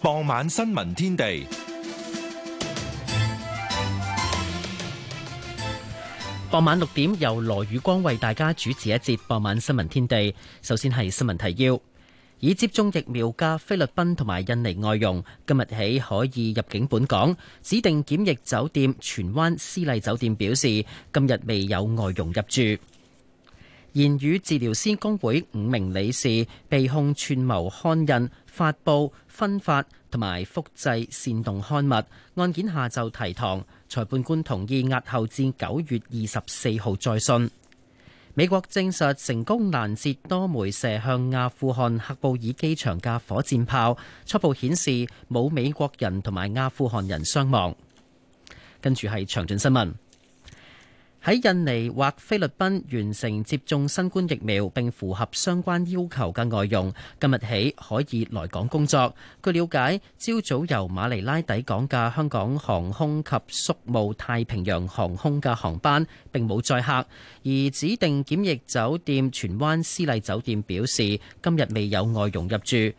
傍晚新聞天地，傍晚六點由羅宇光為大家主持一節傍晚新聞天地。首先係新聞提要，已接種疫苗加菲律賓同埋印尼外傭今日起可以入境本港。指定檢疫酒店荃灣思麗酒店表示，今日未有外傭入住。言語治療師工會五名理事被控串謀刊印、發布、分發同埋複製煽動刊物，案件下晝提堂，裁判官同意押後至九月二十四號再訊。美國證實成功攔截多枚射向阿富汗喀布爾機場嘅火箭炮，初步顯示冇美國人同埋阿富汗人傷亡。跟住係詳盡新聞。喺印尼或菲律賓完成接種新冠疫苗並符合相關要求嘅外傭，今日起可以來港工作。據了解，朝早由馬尼拉抵港嘅香港航空及宿務太平洋航空嘅航班並冇載客，而指定檢疫酒店荃灣斯麗酒店表示，今日未有外傭入住。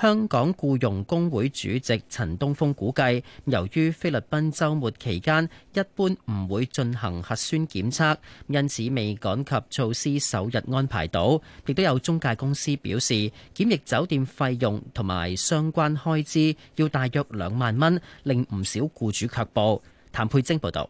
香港僱傭工會主席陳東峰估計，由於菲律賓周末期間一般唔會進行核酸檢測，因此未趕及措施首日安排到。亦都有中介公司表示，檢疫酒店費用同埋相關開支要大約兩萬蚊，令唔少僱主卻步。譚佩晶報道。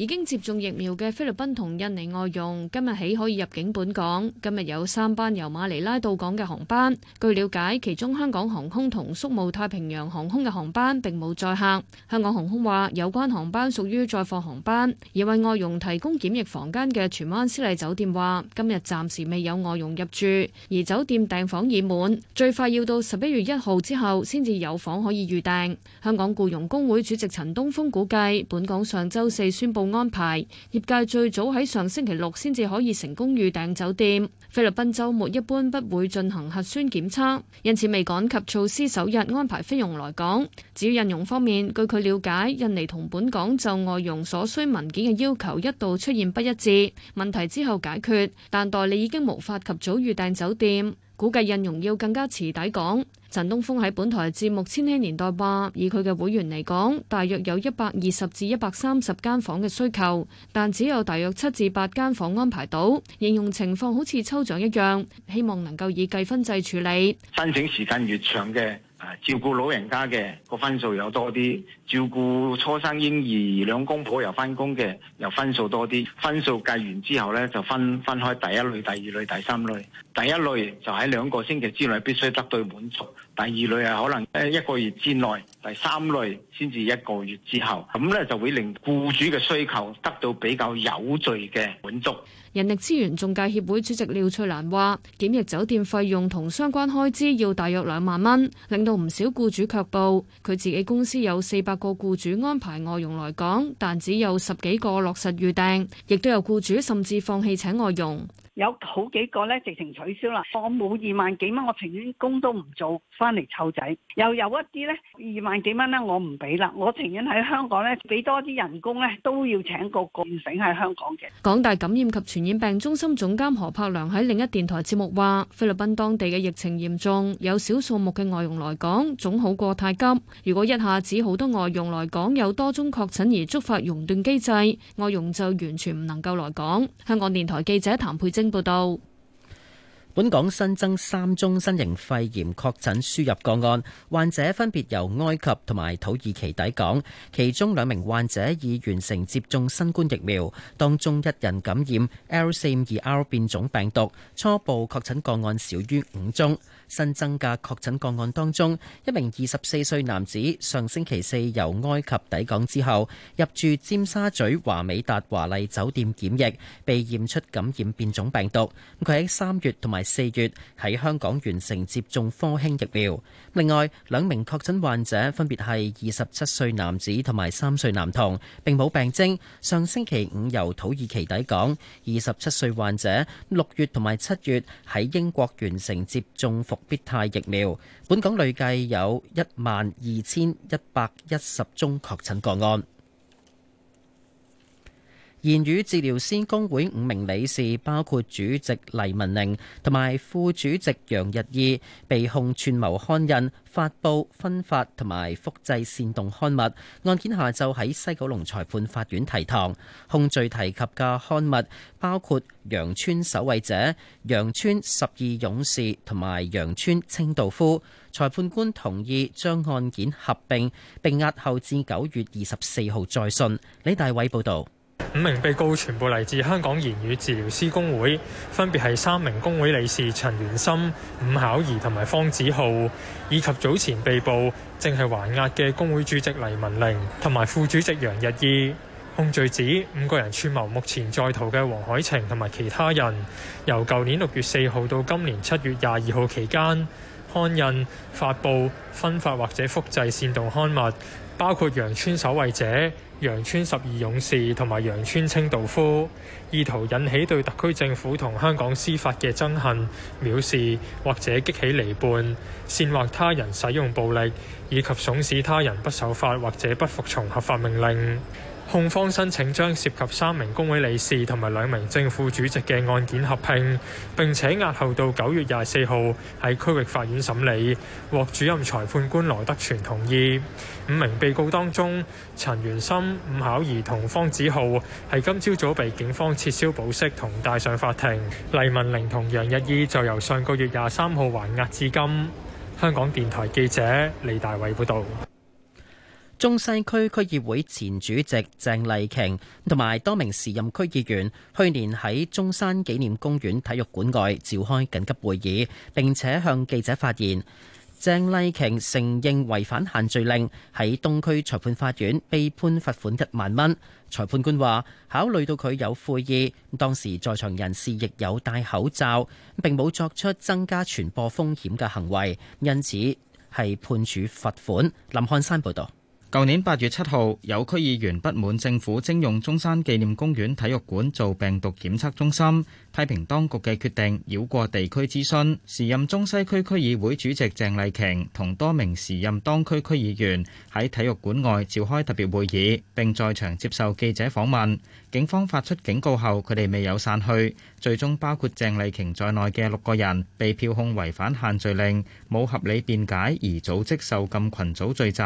已經接種疫苗嘅菲律賓同印尼外傭今日起可以入境本港。今日有三班由馬尼拉到港嘅航班。據了解，其中香港航空同宿務太平洋航空嘅航班並冇載客。香港航空話，有關航班屬於載貨航班。而為外傭提供檢疫房間嘅荃灣私麗酒店話，今日暫時未有外傭入住，而酒店訂房已滿，最快要到十一月一號之後先至有房可以預訂。香港僱傭工會主席陳東峰估計，本港上周四宣布。安排業界最早喺上星期六先至可以成功預訂酒店。菲律賓周末一般不會進行核酸檢測。因此未趕及措施首日安排菲傭來港。至於印傭方面，據佢了解，印尼同本港就外傭所需文件嘅要求一度出現不一致問題，之後解決，但代理已經無法及早預訂酒店，估計印傭要更加遲抵港。陳東峰喺本台節目《千禧年代》話：以佢嘅會員嚟講，大約有一百二十至一百三十間房嘅需求，但只有大約七至八間房安排到，形容情況好似抽獎一樣，希望能夠以計分制處理。申請時間越長嘅。照顧老人家嘅個分數有多啲，照顧初生嬰兒兩公婆又返工嘅又分數多啲。分數計完之後咧，就分分開第一類、第二類、第三類。第一類就喺兩個星期之內必須得到滿足，第二類係可能喺一個月之內，第三類先至一個月之後，咁咧就會令僱主嘅需求得到比較有序嘅滿足。人力資源中介協會主席廖翠蘭話：檢疫酒店費用同相關開支要大約兩萬蚊，令到唔少僱主卻步。佢自己公司有四百個僱主安排外佣來港，但只有十幾個落實預訂，亦都有僱主甚至放棄請外傭。有好幾個咧直情取消啦！我冇二萬幾蚊，我情願工都唔做，翻嚟湊仔。又有一啲咧二萬幾蚊咧，我唔俾啦，我情願喺香港咧俾多啲人工咧，都要請個僱傭喺香港嘅。港大感染及傳染病中心總監何柏良喺另一電台節目話，菲律賓當地嘅疫情嚴重，有少數目嘅外傭來港，總好過太急。如果一下子好多外傭來港，有多宗確診而觸發熔斷機制，外傭就完全唔能夠來港。香港電台記者譚佩芝。本港新增三宗新型肺炎確診輸入個案，患者分別由埃及同埋土耳其抵港，其中兩名患者已完成接種新冠疫苗，當中一人感染 L452R 變種病毒，初步確診個案少於五宗。新增嘅確診個案當中，一名二十四歲男子上星期四由埃及抵港之後，入住尖沙咀華美達華麗酒店檢疫，被驗出感染變種病毒。咁佢喺三月同埋四月喺香港完成接種科興疫苗。另外兩名確診患者分別係二十七歲男子同埋三歲男童，並冇病徵。上星期五由土耳其抵港，二十七歲患者六月同埋七月喺英國完成接種復必泰疫苗，本港累計有一萬二千一百一十宗確診個案。言語治療師工會五名理事，包括主席黎文玲，同埋副主席楊日意，被控串謀刊印、發佈、分發同埋複製煽動刊物。案件下晝喺西九龍裁判法院提堂，控罪提及嘅刊物包括《羊村守衛者》、《羊村十二勇士》同埋《羊村清道夫》。裁判官同意將案件合併，並押後至九月二十四號再訊。李大偉報道。五名被告全部嚟自香港言語治療師工會，分別係三名工會理事陳源森、伍巧怡同埋方子浩，以及早前被捕、正係還押嘅工會主席黎雯齡同埋副主席楊逸意。控罪指五個人串謀目前在逃嘅黃海晴同埋其他人，由舊年六月四號到今年七月廿二號期間，刊印、發佈、分發或者複製煽動刊物，包括《羊村守衛者》。羊村十二勇士同埋羊村清道夫，意圖引起對特區政府同香港司法嘅憎恨、藐視或者激起離叛，煽惑他人使用暴力，以及慫使他人不守法或者不服從合法命令。控方申請將涉及三名工會理事同埋兩名正副主席嘅案件合併，並且押後到九月廿四號喺區域法院審理，獲主任裁判官羅德全同意。五名被告當中，陳元森、伍巧兒同方子浩係今朝早被警方撤銷保釋同帶上法庭，黎文玲同楊日依就由上個月廿三號還押至今。香港電台記者李大偉報導。中西區區議會前主席鄭麗瓊同埋多名時任區議員去年喺中山紀念公園體育館外召開緊急會議，並且向記者發言。鄭麗瓊承認違反限聚令，喺東區裁判法院被判罰款一萬蚊。裁判官話：考慮到佢有悔意，當時在場人士亦有戴口罩，並冇作出增加傳播風險嘅行為，因此係判處罰款。林漢山報道。舊年八月七號，有區議員不滿政府徵用中山紀念公園體育館做病毒檢測中心，批評當局嘅決定繞過地區諮詢。時任中西區區議會主席鄭麗瓊同多名時任當區區議員喺體育館外召開特別會議，並在場接受記者訪問。警方發出警告後，佢哋未有散去，最終包括鄭麗瓊在內嘅六個人被票控違反限聚令，冇合理辯解而組織受禁群組聚集。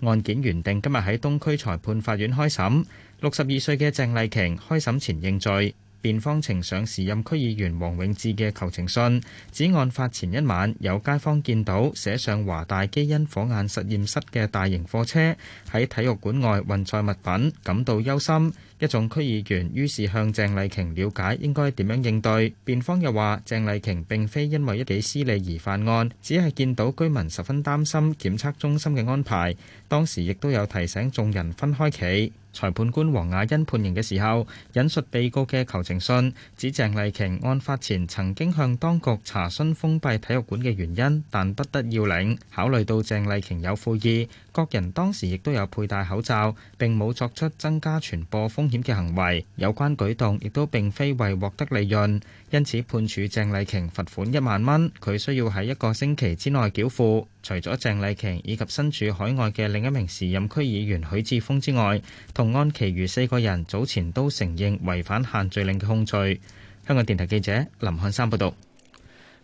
案件原定今日喺東區裁判法院開審，六十二歲嘅鄭麗瓊開審前認罪。辯方呈上時任區議員黃永志嘅求情信，指案發前一晚有街坊見到寫上華大基因火眼實驗室嘅大型貨車喺體育館外運載物品，感到憂心。一眾區議員於是向鄭麗瓊了解應該點樣應對。辯方又話鄭麗瓊並非因為一己私利而犯案，只係見到居民十分擔心檢測中心嘅安排，當時亦都有提醒眾人分開企。裁判官黃雅欣判刑嘅時候，引述被告嘅求情信，指鄭麗瓊案發前曾經向當局查詢封閉體育館嘅原因，但不得要領。考慮到鄭麗瓊有悔意。各人當時亦都有佩戴口罩，並冇作出增加傳播風險嘅行為。有關舉動亦都並非為獲得利潤，因此判處鄭麗瓊罰款一萬蚊，佢需要喺一個星期之內繳付。除咗鄭麗瓊以及身處海外嘅另一名時任區議員許智峰之外，同案其餘四個人早前都承認違反限聚令嘅控罪。香港電台記者林漢山報道。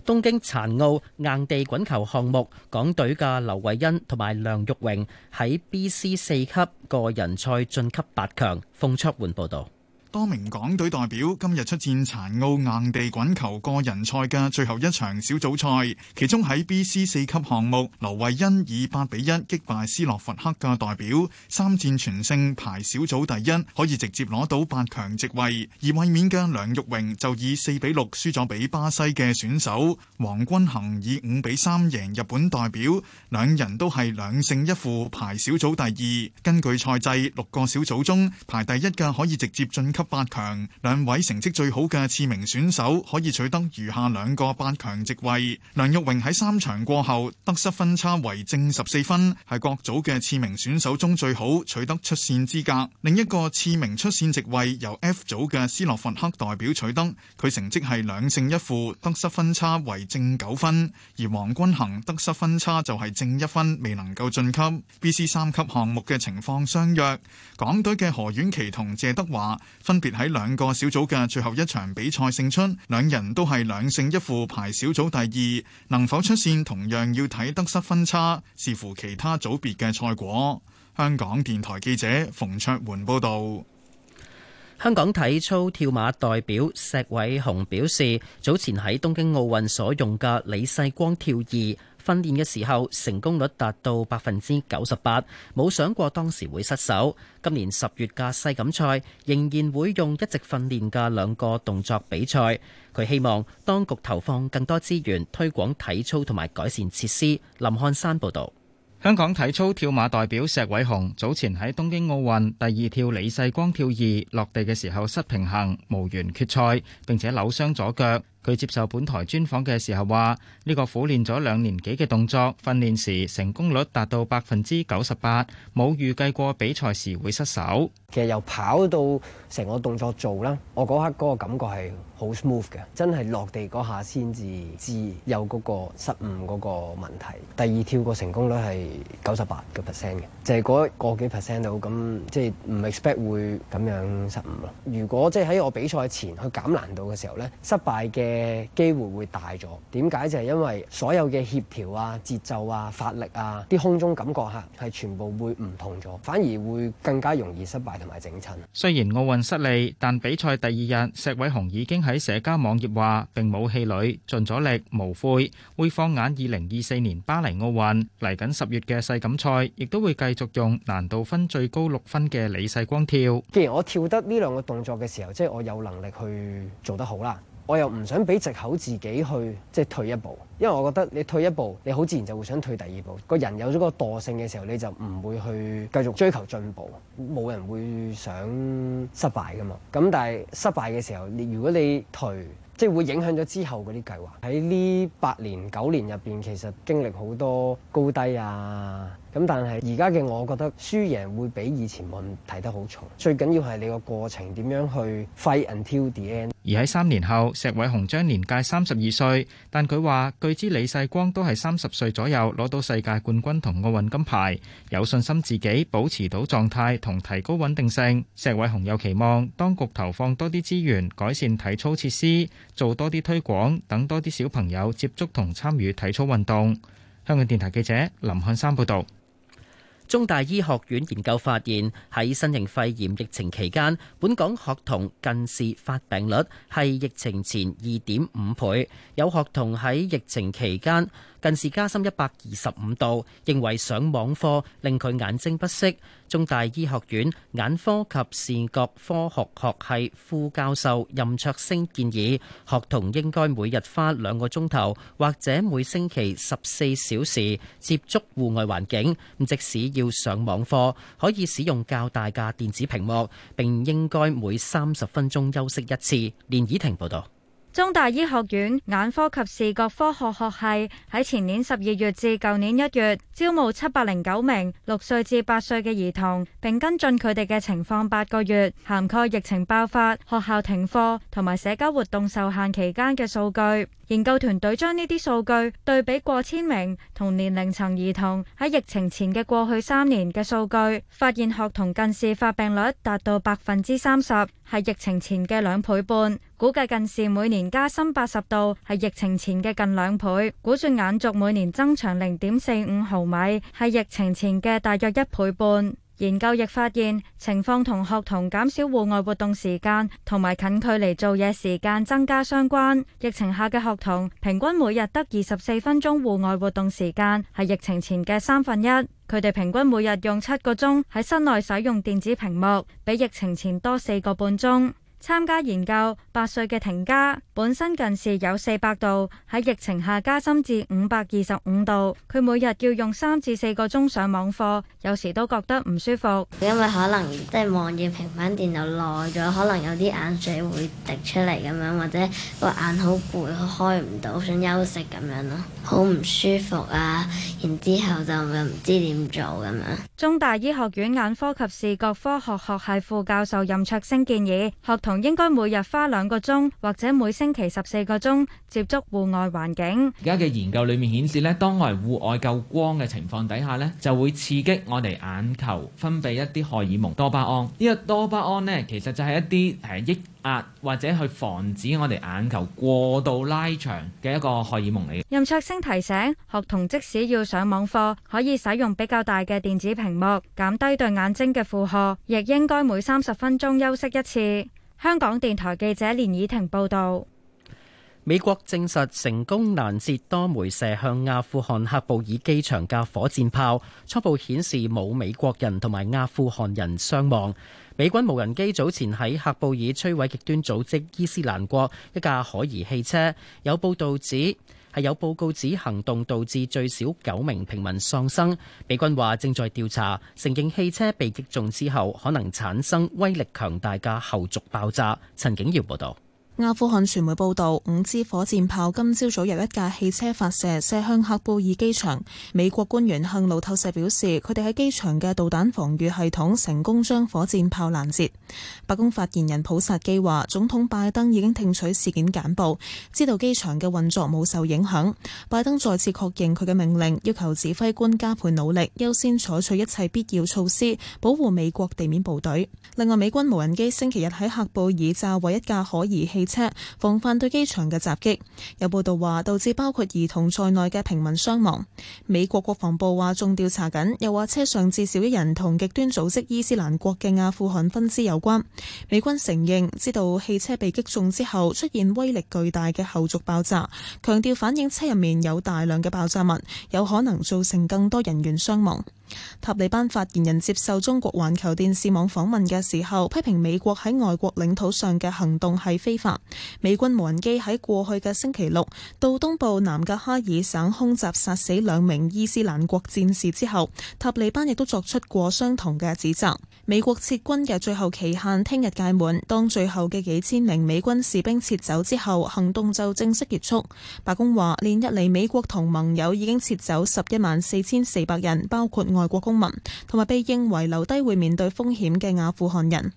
東京殘奧硬地滾球項目，港隊嘅劉慧茵同埋梁育榮喺 BC 四級個人賽晉級八強。馮卓煥報道。多名港隊代表今日出戰殘奧硬地滾球個人賽嘅最後一場小組賽，其中喺 BC 四級項目，劉慧欣以八比一擊敗斯洛伐克嘅代表，三戰全勝排小組第一，可以直接攞到八強席位；而衛冕嘅梁玉榮就以四比六輸咗俾巴西嘅選手，黃君恒以五比三贏日本代表，兩人都係兩勝一負排小組第二。根據賽制，六個小組中排第一嘅可以直接晉級，八強，兩位成績最好嘅次名選手可以取得餘下兩個八強席位。梁玉榮喺三場過後得失分差為正十四分，係各組嘅次名選手中最好，取得出線資格。另一個次名出線席位由 F 組嘅斯洛伐克代表取得，佢成績係兩勝一負，得失分差為正九分。而黃君恆得失分差就係正一分，未能夠晉級。B C 三級項目嘅情況相若，港隊嘅何婉琪同謝德華。分別喺兩個小組嘅最後一場比賽勝出，兩人都係兩勝一負，排小組第二。能否出線同樣要睇得失分差，視乎其他組別嘅賽果。香港電台記者馮卓煥報道。香港體操跳馬代表石偉雄表示，早前喺東京奧運所用嘅李世光跳二。訓練嘅時候成功率達到百分之九十八，冇想過當時會失手。今年十月嘅世錦賽仍然會用一直訓練嘅兩個動作比賽。佢希望當局投放更多資源，推廣體操同埋改善設施。林漢山報導。香港體操跳馬代表石偉雄早前喺東京奧運第二跳李世光跳二落地嘅時候失平衡，無緣決賽，並且扭傷左腳。佢接受本台專訪嘅時候話，呢個苦練咗兩年幾嘅動作訓練時成功率達到百分之九十八，冇預計過比賽時會失手。其實由跑到成個動作做啦，我嗰刻嗰個感覺係好 smooth 嘅，真係落地嗰下先至知有嗰個失誤嗰個問題。第二跳個成功率係九十八個 percent 嘅，就係嗰個幾 percent 度咁，即係唔 expect 會咁樣失誤咯。如果即係喺我比賽前去減難度嘅時候咧，失敗嘅嘅機會會大咗，點解就係因為所有嘅協調啊、節奏啊、發力啊、啲空中感覺吓，係全部會唔同咗，反而會更加容易失敗同埋整親。雖然奧運失利，但比賽第二日，石偉雄已經喺社交網頁話並冇氣餒，盡咗力無悔，會放眼二零二四年巴黎奧運。嚟緊十月嘅世錦賽，亦都會繼續用難度分最高六分嘅李世光跳。既然我跳得呢兩個動作嘅時候，即係我有能力去做得好啦。我又唔想俾藉口自己去即係退一步，因為我覺得你退一步，你好自然就會想退第二步。個人有咗個惰性嘅時候，你就唔會去繼續追求進步。冇人會想失敗㗎嘛。咁但係失敗嘅時候，你如果你退，即係會影響咗之後嗰啲計劃。喺呢八年九年入邊，其實經歷好多高低啊。咁，但係而家嘅我覺得輸贏會比以前問題得好重。最緊要係你個過程點樣去 fight until the end。而喺三年後，石偉雄將年屆三十二歲，但佢話據知李世光都係三十歲左右攞到世界冠軍同奧運金牌，有信心自己保持到狀態同提高穩定性。石偉雄又期望當局投放多啲資源改善體操設施，做多啲推廣，等多啲小朋友接觸同參與體操運動。香港電台記者林漢山報導。中大醫學院研究發現，喺新型肺炎疫情期間，本港學童近視發病率係疫情前二點五倍。有學童喺疫情期間近視加深一百二十五度，認為上網課令佢眼睛不適。中大醫學院眼科及視覺科學學系副教授任卓昇建議，學童應該每日花兩個鐘頭，或者每星期十四小時接觸戶外環境。即使要上網課，可以使用較大嘅電子屏幕，並應該每三十分鐘休息一次。連綺婷報道。中大醫學院眼科及視覺科學學系喺前年十二月至舊年一月招募七百零九名六歲至八歲嘅兒童，並跟進佢哋嘅情況八個月，涵蓋疫情爆發、學校停課同埋社交活動受限期間嘅數據。研究團隊將呢啲數據對比過千名同年齡層兒童喺疫情前嘅過去三年嘅數據，發現學童近視發病率達到百分之三十，係疫情前嘅兩倍半。估計近視每年加深八十度，係疫情前嘅近兩倍。估算眼軸每年增長零點四五毫米，係疫情前嘅大約一倍半。研究亦發現，情況同學童減少戶外活動時間，同埋近距離做嘢時間增加相關。疫情下嘅學童平均每日得二十四分鐘戶外活動時間，係疫情前嘅三分一。佢哋平均每日用七個鐘喺室內使用電子屏幕，比疫情前多四個半鐘。參加研究八歲嘅庭家本身近視有四百度，喺疫情下加深至五百二十五度。佢每日要用三至四個鐘上網課，有時都覺得唔舒服。因為可能即係、就是、望住平板電腦耐咗，可能有啲眼水會滴出嚟咁樣，或者個眼好攰，開唔到，想休息咁樣咯，好唔舒服啊！然之後就唔知點做咁樣。中大醫學院眼科及視覺科學學系副教授任卓星建議學童。應該每日花兩個鐘或者每星期十四個鐘接觸戶外環境。而家嘅研究裏面顯示咧，當外戶外夠光嘅情況底下咧，就會刺激我哋眼球分泌一啲荷爾蒙多巴胺。呢個多巴胺咧，其實就係一啲誒抑壓或者去防止我哋眼球過度拉長嘅一個荷爾蒙嚟。任卓星提醒，學童即使要上網課，可以使用比較大嘅電子屏幕，減低對眼睛嘅負荷，亦應該每三十分鐘休息一次。香港電台記者連以婷報道：美國證實成功攔截多枚射向阿富汗喀布爾機場嘅火箭炮，初步顯示冇美國人同埋阿富汗人傷亡。美軍無人機早前喺喀布爾摧毀極端組織伊斯蘭國一架可疑汽車，有報道指。係有報告指行動導致最少九名平民喪生。美軍話正在調查，承認汽車被擊中之後可能產生威力強大嘅後續爆炸。陳景耀報導。阿富汗傳媒報道，五支火箭炮今朝早由一架汽車發射射向喀布爾機場。美國官員向路透社表示，佢哋喺機場嘅導彈防禦系統成功將火箭炮攔截。白宮發言人普薩基話，總統拜登已經聽取事件簡報，知道機場嘅運作冇受影響。拜登再次確認佢嘅命令，要求指揮官加倍努力，優先採取一切必要措施，保護美國地面部隊。另外，美軍無人機星期日喺喀布爾炸毀一架可疑汽車防範對機場嘅襲擊，有報道話導致包括兒童在內嘅平民傷亡。美國國防部話正調查緊，又話車上至少一人同極端組織伊斯蘭國嘅阿富汗分支有關。美軍承認知道汽車被擊中之後出現威力巨大嘅後續爆炸，強調反映車入面有大量嘅爆炸物，有可能造成更多人員傷亡。塔利班發言人接受中國環球電視網訪問嘅時候，批評美國喺外國領土上嘅行動係非法。美軍無人機喺過去嘅星期六到東部南格哈爾省空襲，殺死兩名伊斯蘭國戰士之後，塔利班亦都作出過相同嘅指責。美國撤軍嘅最後期限聽日屆滿，當最後嘅幾千名美軍士兵撤走之後，行動就正式結束。白宮話，連日嚟美國同盟友已經撤走十一萬四千四百人，包括外國公民同埋被認為留低會面對風險嘅阿富汗人。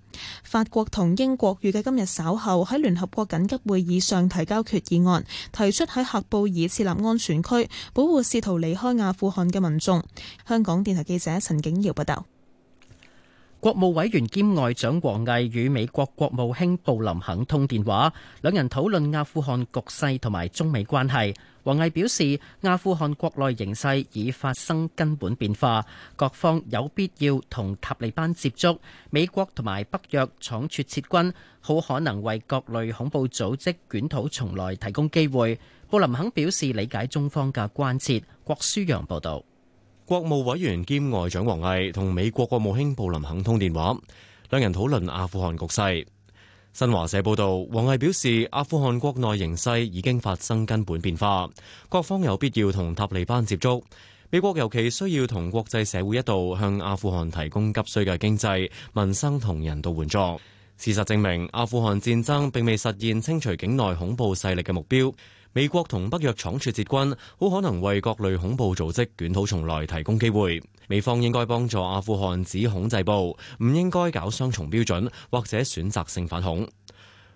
法國同英國預計今日稍後喺聯合國緊急會議上提交決議案，提出喺喀布爾設立安全區，保護試圖離開阿富汗嘅民眾。香港電台記者陳景堯報道。國務委員兼外長王毅與美國國務卿布林肯通電話，兩人討論阿富汗局勢同埋中美關係。王毅表示，阿富汗國內形勢已發生根本變化，各方有必要同塔利班接觸。美國同埋北約倉促撤軍好可能為各類恐怖組織捲土重來提供機會。布林肯表示理解中方嘅關切。郭舒陽報道。國務委員兼外長王毅同美國國務卿布林肯通電話，兩人討論阿富汗局勢。新華社報道，王毅表示，阿富汗國內形勢已經發生根本變化，各方有必要同塔利班接觸。美國尤其需要同國際社會一道向阿富汗提供急需嘅經濟、民生同人道援助。事實證明，阿富汗戰爭並未實現清除境內恐怖勢力嘅目標。美國同北約倉促撤軍，好可能為各類恐怖組織捲土重來提供機會。美方應該幫助阿富汗止恐制暴，唔應該搞雙重標準或者選擇性反恐。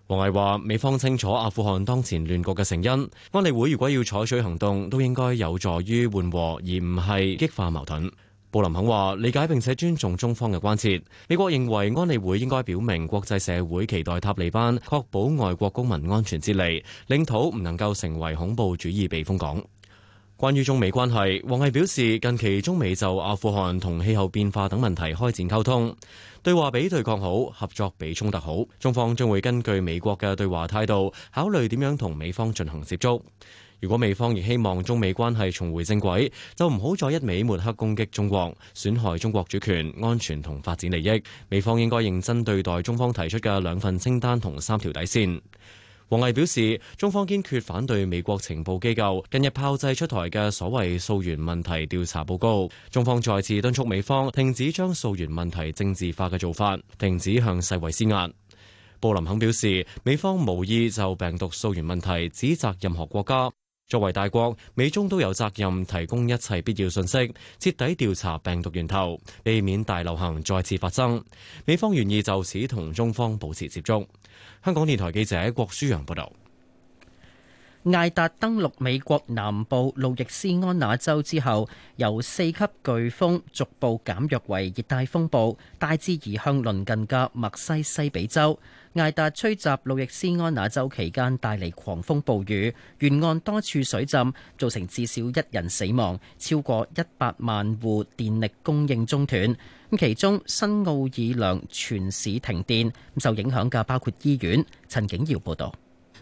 王毅話：美方清楚阿富汗當前亂局嘅成因，安理會如果要採取行動，都應該有助於緩和，而唔係激化矛盾。布林肯話：理解並且尊重中方嘅關切。美國認為安理會應該表明國際社會期待塔利班確保外國公民安全撤離，領土唔能夠成為恐怖主義避風港。關於中美關係，王毅表示，近期中美就阿富汗同氣候變化等問題開展溝通，對話比對抗好，合作比衝突好。中方將會根據美國嘅對話態度，考慮點樣同美方進行接觸。如果美方亦希望中美關係重回正軌，就唔好再一味抹黑攻擊中國，損害中國主權、安全同發展利益。美方應該認真對待中方提出嘅兩份清單同三條底線。王毅表示，中方堅決反對美國情報機構近日炮製出台嘅所謂溯源問題調查報告。中方再次敦促美方停止將溯源問題政治化嘅做法，停止向世衛施壓。布林肯表示，美方無意就病毒溯源問題指責任何國家。作為大國，美中都有責任提供一切必要信息，徹底調查病毒源頭，避免大流行再次發生。美方願意就此同中方保持接觸。香港電台記者郭舒揚報導。艾達登陸美國南部路易斯安那州之後，由四級颶風逐步減弱為熱帶風暴，大致移向鄰近嘅墨西西比州。艾達吹襲路易斯安那州期間帶嚟狂風暴雨，沿岸多處水浸，造成至少一人死亡，超過一百萬戶電力供應中斷。其中新奧爾良全市停電，受影響嘅包括醫院。陳景耀報導。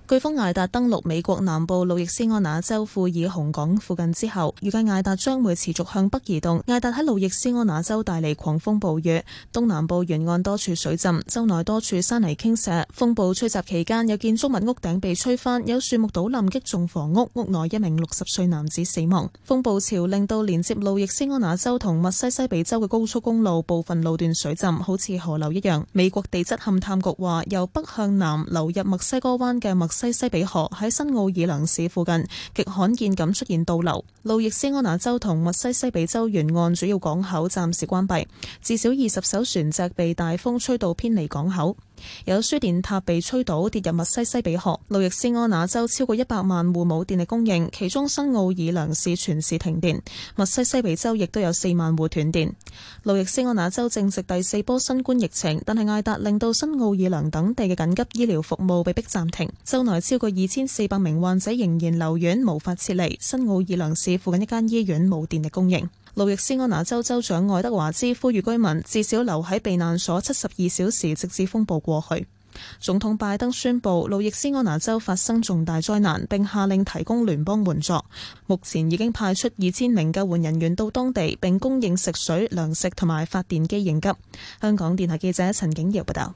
颶風艾達登陸美國南部路易斯安那州富爾洪港附近之後，預計艾達將會持續向北移動。艾達喺路易斯安那州帶嚟狂風暴雨，東南部沿岸多處水浸，州內多處山泥傾瀉。風暴吹襲期間，有建築物屋頂被吹翻，有樹木倒冧擊中房屋，屋內一名六十歲男子死亡。風暴潮令到連接路易斯安那州同墨西西比州嘅高速公路部分路段水浸，好似河流一樣。美國地質勘探局話，由北向南流入墨西哥灣嘅墨西西比河喺新奧爾良市附近極罕見咁出現倒流，路易斯安那州同密西西比州沿岸主要港口暫時關閉，至少二十艘船隻被大風吹到偏離港口。有輸電塔被吹倒跌入密西西比河，路易斯安那州超過一百萬戶冇電力供應，其中新奧爾良市全市停電，密西西比州亦都有四萬戶斷電。路易斯安那州正值第四波新冠疫情，但係艾達令到新奧爾良等地嘅緊急醫療服務被迫暫停，州內超過二千四百名患者，仍然留院，無法撤離。新奧爾良市附近一間醫院冇電力供應。路易斯安那州州長愛德華茲呼籲居民至少留喺避難所七十二小時，直至風暴過去。總統拜登宣布路易斯安那州發生重大災難，並下令提供聯邦援助。目前已經派出二千名救援人員到當地，並供應食水、糧食同埋發電機應急。香港電台記者陳景瑤報道。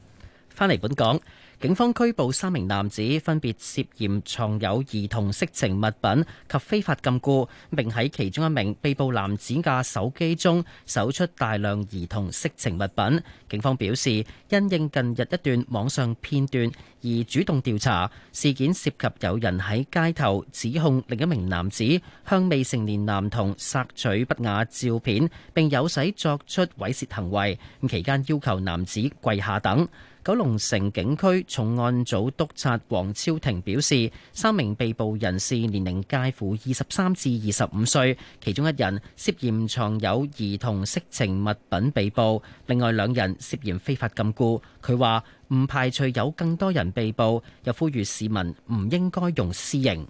翻嚟本港。警方拘捕三名男子，分別涉嫌藏有兒童色情物品及非法禁錮，並喺其中一名被捕男子嘅手機中搜出大量兒童色情物品。警方表示，因應近日一段網上片段而主動調查事件，涉及有人喺街頭指控另一名男子向未成年男童索取不雅照片，並有使作出猥褻行為。咁期間要求男子跪下等。九龍城警區重案組督察黃超庭表示，三名被捕人士年齡介乎二十三至二十五歲，其中一人涉嫌藏有兒童色情物品被捕，另外兩人涉嫌非法禁錮。佢話唔排除有更多人被捕，又呼籲市民唔應該用私刑。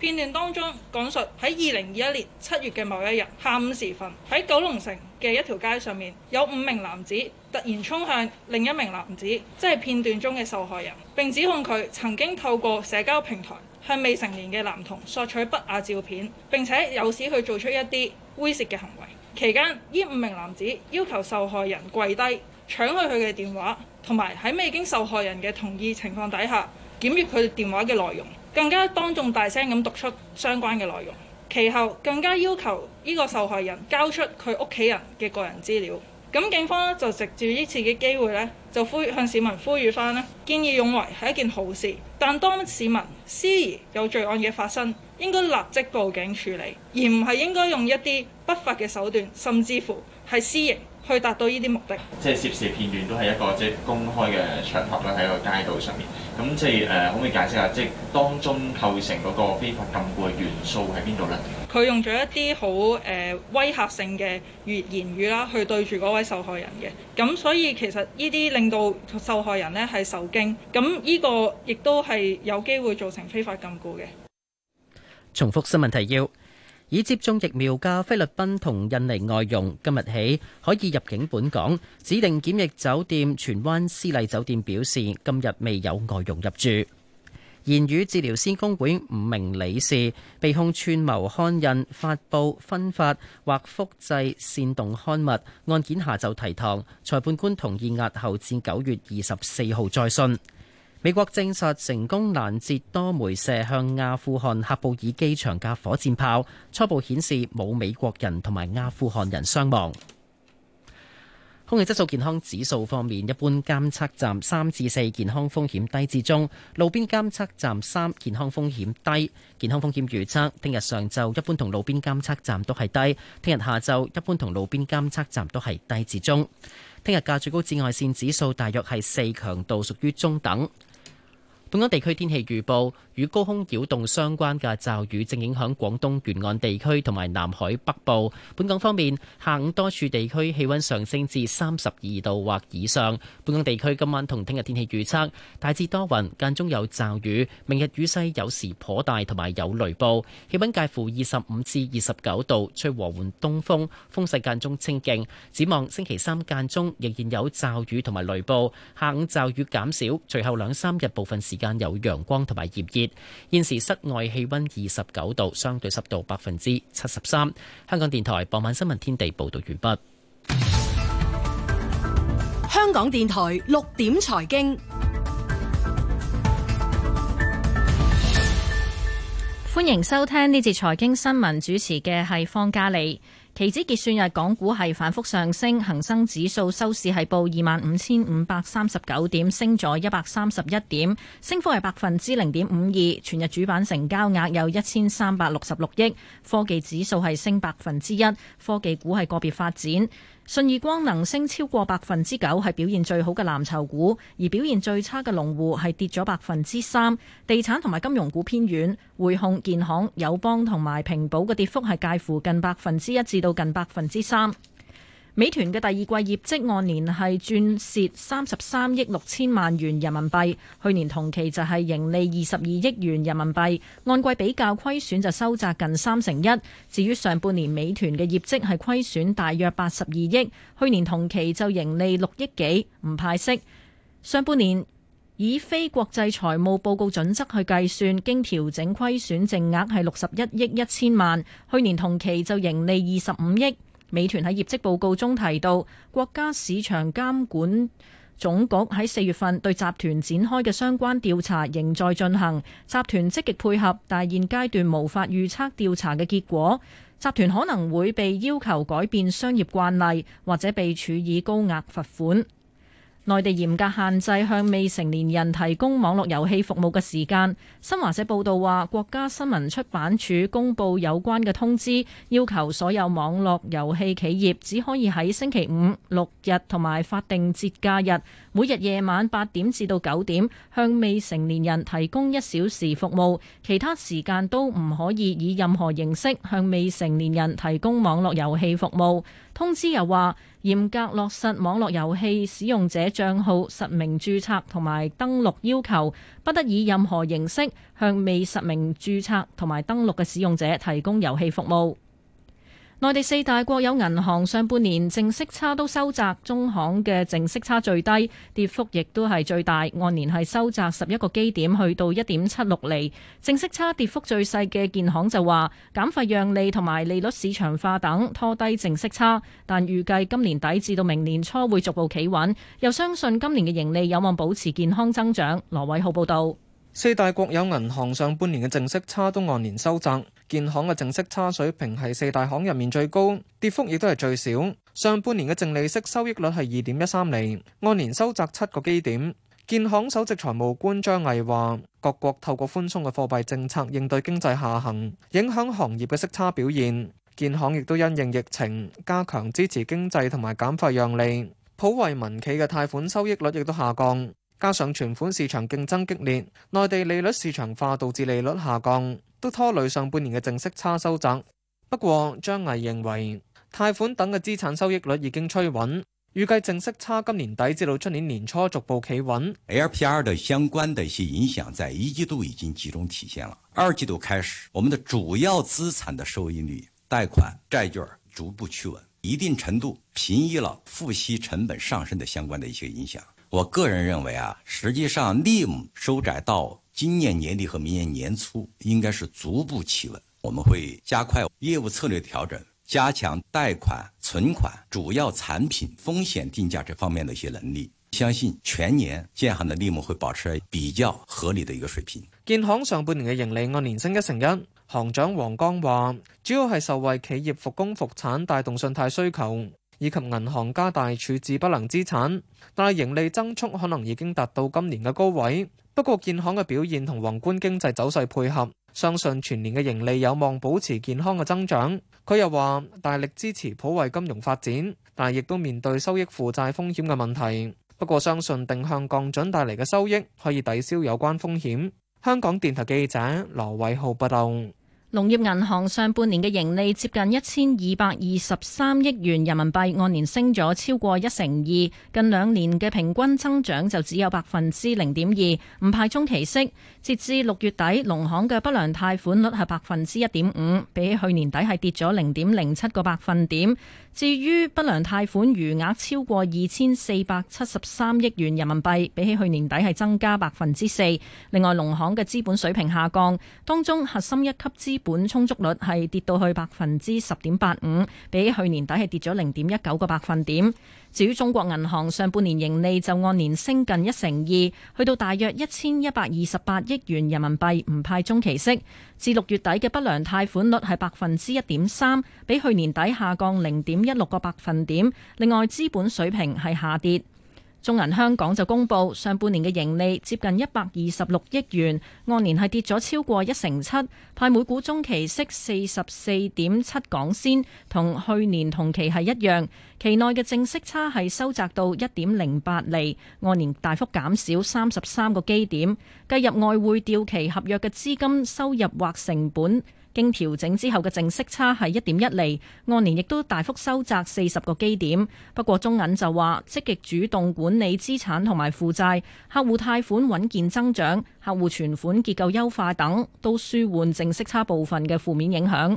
片段當中講述喺二零二一年七月嘅某一日下午時分，喺九龍城嘅一條街上面，有五名男子突然衝向另一名男子，即係片段中嘅受害人，並指控佢曾經透過社交平台向未成年嘅男童索取不雅照片，並且誘使佢做出一啲猥褻嘅行為。期間，呢五名男子要求受害人跪低，搶去佢嘅電話，同埋喺未經受害人嘅同意情況底下檢閲佢電話嘅內容。更加當眾大聲咁讀出相關嘅內容，其後更加要求呢個受害人交出佢屋企人嘅個人資料。咁警方呢，就藉住呢次嘅機會呢，就呼向市民呼籲翻呢，見義勇為係一件好事，但當市民思疑有罪案嘅發生，應該立即報警處理，而唔係應該用一啲不法嘅手段，甚至乎係私刑。去達到呢啲目的，即係涉事片段都係一個即係公開嘅場合啦，喺個街道上面咁即係誒，可唔可以解釋下？即係當中構成嗰個非法禁錮嘅元素喺邊度咧？佢用咗一啲好誒威嚇性嘅粵言語啦，去對住嗰位受害人嘅，咁，所以其實呢啲令到受害人咧，係受驚，咁呢個亦都係有機會造成非法禁錮嘅。重複新聞提要。已接種疫苗嘅菲律賓同印尼外傭今日起可以入境本港。指定檢疫酒店荃灣絲麗酒店表示，今日未有外傭入住。言語治療師公會五名理事被控串謀刊印、發布、分發或複製煽動刊物，案件下晝提堂，裁判官同意押後至九月二十四號再訊。美國證實成功攔截多枚射向阿富汗喀布爾機場嘅火箭炮，初步顯示冇美國人同埋阿富汗人傷亡。空氣質素健康指數方面，一般監測站三至四，健康風險低至中；路邊監測站三，健康風險低。健康風險預測：聽日上晝一般同路邊監測站都係低；聽日下晝一般同路邊監測站都係低至中。聽日嘅最高紫外線指數大約係四，強度屬於中等。本港地區天氣預報與高空擾動相關嘅驟雨正影響廣東沿岸地區同埋南海北部。本港方面，下午多處地區氣溫上升至三十二度或以上。本港地區今晚同聽日天氣預測，大致多雲間中有驟雨。明日雨勢有時頗大，同埋有雷暴。氣溫介乎二十五至二十九度，吹和緩東風，風勢間中清勁。展望星期三間中仍然有驟雨同埋雷暴，下午驟雨減少，隨後兩三日部分時間有陽光同埋炎熱，現時室外氣溫二十九度，相對濕度百分之七十三。香港電台傍晚新聞天地報道完畢。香港電台六點財經，歡迎收聽呢節財經新聞，主持嘅係方嘉莉。期指結算日，港股係反覆上升，恒生指數收市係報二萬五千五百三十九點，升咗一百三十一點，升幅係百分之零點五二。全日主板成交額有一千三百六十六億，科技指數係升百分之一，科技股係個別發展。信義光能升超過百分之九，係表現最好嘅藍籌股；而表現最差嘅農戶係跌咗百分之三。地產同埋金融股偏軟，匯控、建行、友邦同埋平保嘅跌幅係介乎近百分之一至到近百分之三。美團嘅第二季業績按年係轉蝕三十三億六千萬元人民幣，去年同期就係盈利二十二億元人民幣。按季比較虧損就收窄近三成一。至於上半年美團嘅業績係虧損大約八十二億，去年同期就盈利六億幾，唔派息。上半年以非國際財務報告準則去計算，經調整虧損淨額係六十一億一千萬，去年同期就盈利二十五億。美團喺業績報告中提到，國家市場監管總局喺四月份對集團展開嘅相關調查仍在進行，集團積極配合，但現階段無法預測調查嘅結果。集團可能會被要求改變商業慣例，或者被處以高額罰款。內地嚴格限制向未成年人提供網絡遊戲服務嘅時間。新華社報道話，國家新聞出版署公布有關嘅通知，要求所有網絡遊戲企業只可以喺星期五、六日同埋法定節假日，每日夜晚八點至到九點向未成年人提供一小時服務，其他時間都唔可以以任何形式向未成年人提供網絡遊戲服務。通知又話，嚴格落實網絡遊戲使用者帳號實名註冊同埋登錄要求，不得以任何形式向未實名註冊同埋登錄嘅使用者提供遊戲服務。內地四大國有銀行上半年淨息差都收窄，中行嘅淨息差最低，跌幅亦都係最大，按年係收窄十一個基點，去到一點七六厘。淨息差跌幅最細嘅建行就話，減費讓利同埋利率市場化等拖低淨息差，但預計今年底至到明年初會逐步企穩，又相信今年嘅盈利有望保持健康增長。羅偉浩報導。四大國有銀行上半年嘅淨息差都按年收窄。建行嘅淨息差水平係四大行入面最高，跌幅亦都係最少。上半年嘅淨利息收益率係二點一三厘，按年收窄七個基點。建行首席財務官張毅話，各國透過寬鬆嘅貨幣政策應對經濟下行，影響行業嘅息差表現。建行亦都因應疫情加強支持經濟同埋減費讓利。普惠民企嘅貸款收益率亦都下降，加上存款市場競爭激烈，內地利率市場化導致利率下降。都拖累上半年嘅淨息差收窄。不過張毅認為，貸款等嘅資產收益率已經趨穩，預計淨息差今年底至到出年年初逐步企穩。LPR 的相關的一些影響在一季度已經集中體現了，二季度開始，我們的主要資產的收益率，貸款、債券逐步趨穩，一定程度平抑了付息成本上升的相關的一些影響。 我個人認為啊，實際上 NIM 收窄到。今年年底和明年年初應該是逐步企穩，我們會加快業務策略調整，加強貸款、存款主要產品風險定價這方面的一些能力。相信全年建行的利潤會保持比較合理的一個水平。建行上半年嘅盈利按年升一成一，行長黃剛話主要係受惠企業復工復產帶動信貸需求，以及銀行加大處置不良資產，但係盈利增速可能已經達到今年嘅高位。不過，建行嘅表現同宏觀經濟走勢配合，相信全年嘅盈利有望保持健康嘅增長。佢又話：大力支持普惠金融發展，但亦都面對收益負債風險嘅問題。不過，相信定向降準帶嚟嘅收益可以抵消有關風險。香港電台記者羅偉浩報道。農業銀行上半年嘅盈利接近一千二百二十三億元人民幣，按年升咗超過一成二，近兩年嘅平均增長就只有百分之零點二，唔派中期息。截至六月底，農行嘅不良貸款率係百分之一點五，比起去年底係跌咗零點零七個百分點。至於不良貸款餘額超過二千四百七十三億元人民幣，比起去年底係增加百分之四。另外，農行嘅資本水平下降，當中核心一級資資本充足率係跌到去百分之十點八五，比去年底係跌咗零點一九個百分點。至於中國銀行上半年盈利就按年升近一成二，去到大約一千一百二十八億元人民幣，唔派中期息。至六月底嘅不良貸款率係百分之一點三，比去年底下降零點一六個百分點。另外，資本水平係下跌。中銀香港就公布上半年嘅盈利接近一百二十六億元，按年係跌咗超過一成七，派每股中期息四十四點七港仙，同去年同期係一樣，期內嘅正息差係收窄到一點零八釐，按年大幅減少三十三個基點，計入外匯掉期合約嘅資金收入或成本。經調整之後嘅淨息差係一點一釐，按年亦都大幅收窄四十個基點。不過中銀就話，積極主動管理資產同埋負債，客戶貸款穩健增長，客戶存款結構優化等，都舒緩淨息差部分嘅負面影響。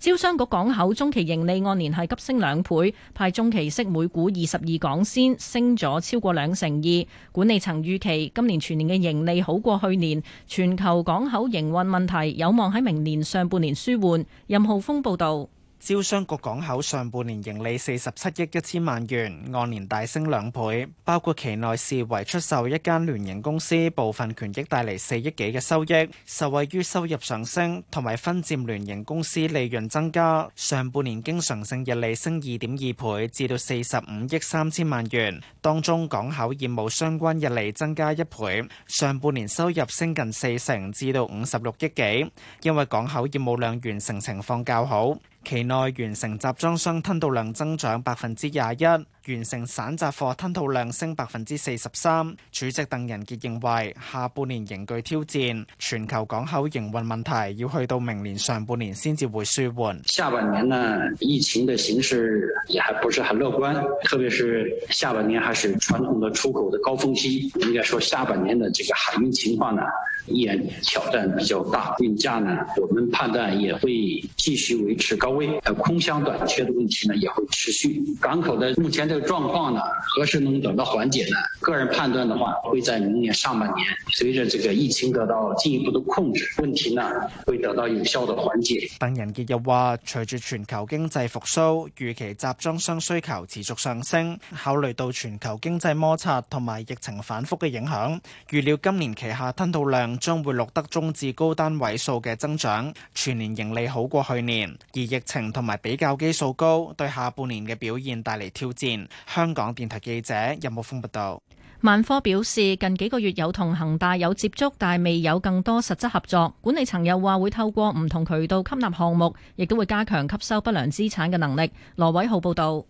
招商局港口中期盈利按年係急升兩倍，派中期息每股二十二港仙，升咗超過兩成二。管理層預期今年全年嘅盈利好過去年。全球港口營運問題有望喺明年上半年舒緩。任浩峰報道。招商局港口上半年盈利四十七億一千萬元，按年大升兩倍，包括期內視為出售一間聯營公司部分權益，帶嚟四億幾嘅收益。受惠於收入上升，同埋分佔聯營公司利潤增加，上半年經常性日利升二點二倍，至到四十五億三千萬元。當中港口業務相關日利增加一倍，上半年收入升近四成，至到五十六億幾，因為港口業務量完成情況較好。期內完成集裝箱吞吐量增長百分之廿一。完成散雜貨吞吐量升百分之四十三。主席鄧仁傑認為下半年仍具挑戰，全球港口營運問題要去到明年上半年先至會舒緩。下半年呢疫情的形勢也還不是很樂觀，特別是下半年還是傳統的出口的高峰期，應該說下半年的這個海運情況呢依然挑戰比較大，運價呢我們判斷也會繼續維持高位，呃空箱短缺的問題呢也會持續，港口的目前的、這個。狀況呢，何時能得到緩解呢？個人判斷的話，會在明年上半年，隨着這個疫情得到進一步的控制，問題呢會得到有效的緩解。鄧仁杰又話，隨住全球經濟復蘇，預期集裝箱需求持續上升。考慮到全球經濟摩擦同埋疫情反覆嘅影響，預料今年旗下吞吐量將會錄得中至高單位數嘅增長，全年盈利好過去年。而疫情同埋比較基數高，對下半年嘅表現帶嚟挑戰。香港電台記者任木峰報道，萬科表示近幾個月有同恒大有接觸，但未有更多實質合作。管理層又話會透過唔同渠道吸納項目，亦都會加強吸收不良資產嘅能力。羅偉浩報道。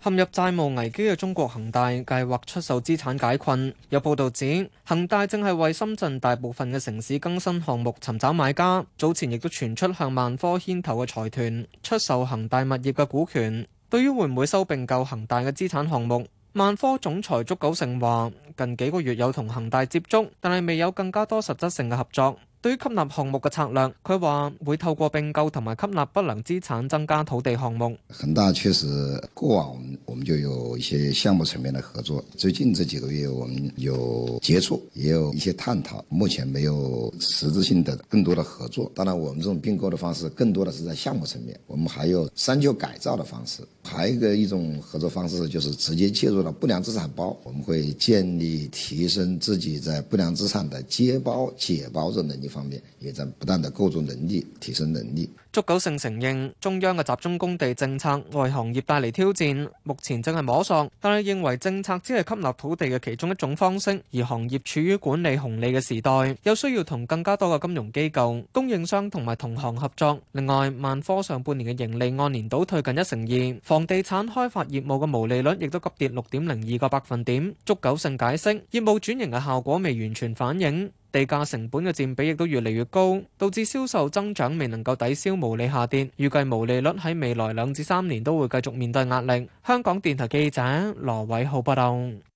陷入債務危機嘅中國恒大計劃出售資產解困。有報道指，恒大正係為深圳大部分嘅城市更新項目尋找買家。早前亦都傳出向萬科牽頭嘅財團出售恒大物業嘅股權。對於會唔會收並購恒大嘅資產項目，萬科總裁祝九勝話：近幾個月有同恒大接觸，但係未有更加多實質性嘅合作。對於吸納項目嘅策略，佢話會透過併購同埋吸納不良資產增加土地項目。恒大確實過往，我們我們就有一些項目層面的合作。最近這幾個月，我們有接觸，也有一些探討。目前沒有實質性的更多的合作。當然，我們這種併購的方式，更多的是在項目層面。我們還有三舊改造的方式，還一個一種合作方式就是直接介入到不良資產包。我們會建立提升自己在不良資產的接包解包的能力。方面也在不斷的構築能力、提升能力。祝九勝承認，中央嘅集中供地政策為行業帶嚟挑戰，目前正係摸索。但係認為政策只係吸納土地嘅其中一種方式，而行業處於管理紅利嘅時代，又需要同更加多嘅金融機構、供應商同埋同行合作。另外，萬科上半年嘅盈利按年倒退近一成二，房地產開發業務嘅毛利率亦都急跌六點零二個百分點。祝九勝解釋，業務轉型嘅效果未完全反映。地價成本嘅佔比亦都越嚟越高，導致銷售增長未能夠抵消毛利下跌，預計毛利率喺未來兩至三年都會繼續面對壓力。香港電台記者羅偉浩報道。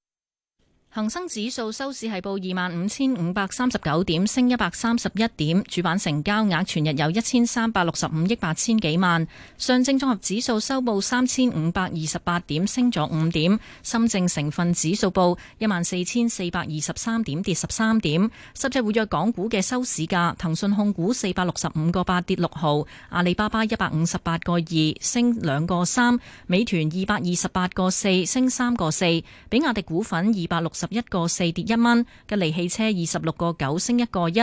恒生指數收市係報二萬五千五百三十九點，升一百三十一點。主板成交額全日有一千三百六十五億八千幾萬。上證綜合指數收報三千五百二十八點，升咗五點。深證成分指數報一萬四千四百二十三點，跌十三點。十隻活躍港股嘅收市價：騰訊控股四百六十五個八跌六毫，阿里巴巴一百五十八個二升兩個三，美團二百二十八個四升三個四，比亞迪股份二百六。十一個四跌一蚊，吉利汽車二十六個九升一個一，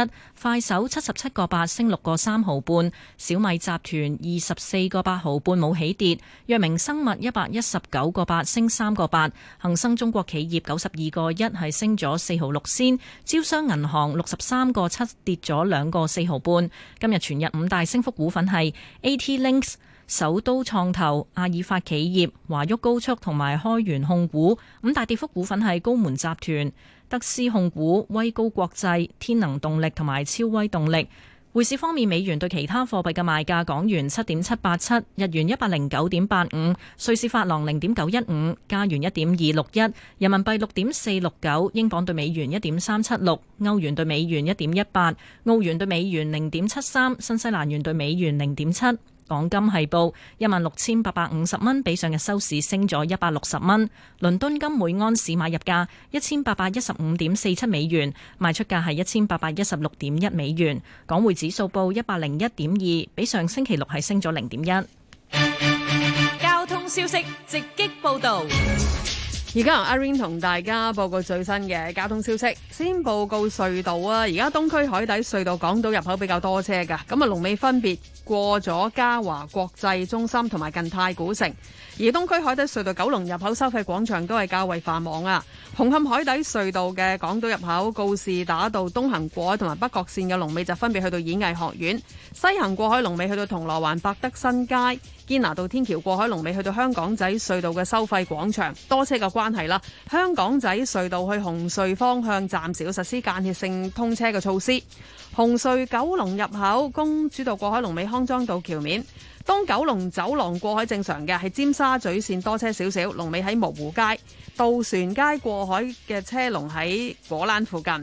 快手七十七個八升六個三毫半，小米集團二十四個八毫半冇起跌，藥明生物一百一十九個八升三個八，恒生中國企業九十二個一係升咗四毫六仙，招商銀行六十三個七跌咗兩個四毫半。今日全日五大升幅股份係 AT Links。首都創投、阿爾法企業、華旭高速同埋開源控股。五大跌幅股份係高門集團、德斯控股、威高國際、天能動力同埋超威動力。匯市方面，美元對其他貨幣嘅賣價：港元七點七八七，日元一百零九點八五，瑞士法郎零點九一五，加元一點二六一，人民幣六點四六九，英鎊兌美元一點三七六，歐元兌美元一點一八，澳元兌美元零點七三，新西蘭元兌美元零點七。港金係報一萬六千八百五十蚊，比上日收市升咗一百六十蚊。倫敦金每安士買入價一千八百一十五點四七美元，賣出價係一千八百一十六點一美元。港匯指數報一百零一點二，比上星期六係升咗零點一。交通消息，直擊報道。而家由阿 Rain 同大家報告最新嘅交通消息。先報告隧道啊，而家東區海底隧道港島入口比較多車噶，咁啊龍尾分別過咗嘉華國際中心同埋近太古城。而東區海底隧道九龍入口收費廣場都係較為繁忙啊。紅磡海底隧道嘅港島入口告士打道東行過海同埋北角線嘅龍尾就分別去到演藝學院，西行過海龍尾去到銅鑼灣百德新街。堅拿道天橋過海龍尾去到香港仔隧道嘅收費廣場，多車嘅關係啦。香港仔隧道去紅隧方向暫時要實施間歇性通車嘅措施。紅隧九龍入口公主道過海龍尾康莊道橋面，東九龍走廊過海正常嘅，係尖沙咀綫多車少少，龍尾喺蕪湖街、渡船街過海嘅車龍喺果欄附近。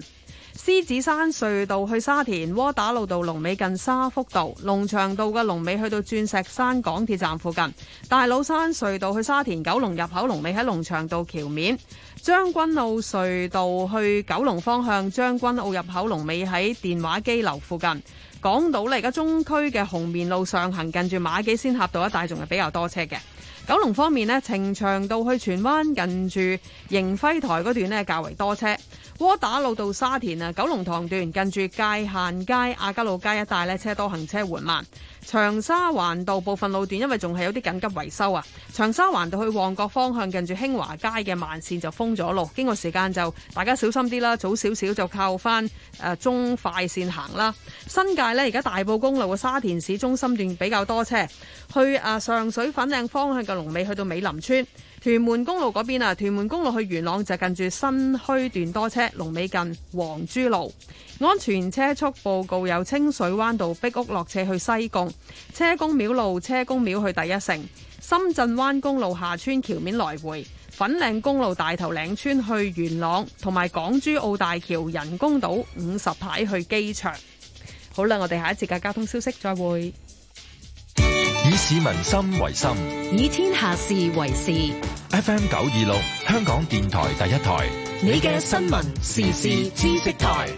獅子山隧道去沙田窩打老道龍尾近沙福道，龍翔道嘅龍尾去到鑽石山港鐵站附近；大老山隧道去沙田九龍入口龍尾喺龍翔道橋面，將軍澳隧道去九龍方向將軍澳入口龍尾喺電話機樓附近。港島咧，而家中區嘅紅棉路上行近住馬己仙峽道一帶仲係比較多車嘅。九龍方面咧，呈祥道去荃灣近住盈輝台嗰段咧，較為多車；窩打老道沙田啊九龍塘段近住界限街、亞皆老街一帶咧，車多行車緩慢。長沙灣道部分路段因為仲係有啲緊急維修啊，長沙灣道去旺角方向近住興華街嘅慢綫就封咗路，經過時間就大家小心啲啦，早少少就靠翻，誒中快綫行啦。新界呢，而家大埔公路嘅沙田市中心段比較多車，去誒上水粉嶺方向嘅龍尾去到美林村。屯門公路嗰邊啊，屯門公路去元朗就近住新墟段多車，龍尾近黃珠路。安全車速報告有清水灣道、壁屋落斜去西貢、車公廟路、車公廟去第一城、深圳灣公路下村橋面來回、粉嶺公路大頭嶺村去元朗，同埋港珠澳大橋人工島五十牌去機場。好啦，我哋下一節嘅交通消息再會。以市民心為心，以天下事為事。FM 九二六，香港電台第一台，你嘅新聞時事知識台。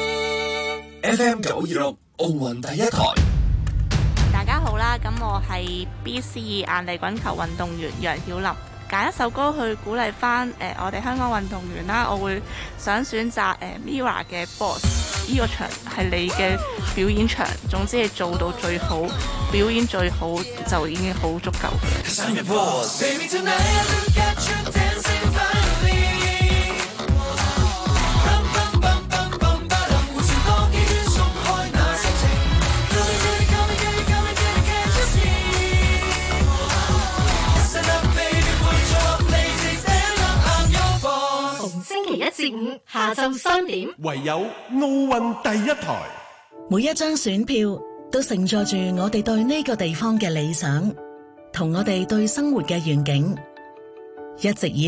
FM 九二六，奧運第一台。 大家好啦，咁我係 B C 二硬地滾球運動員楊曉琳。揀一首歌去鼓勵翻誒我哋香港運動員啦。我會想選擇誒、呃、MIRROR 嘅《Boss》。呢個場係你嘅表演場，總之係做到最好，表演最好就已經好足夠嘅。 下午三點，唯有奧運第一台。每一張選票都承載住我哋對呢個地方嘅理想，同我哋對生活嘅願景，一直以。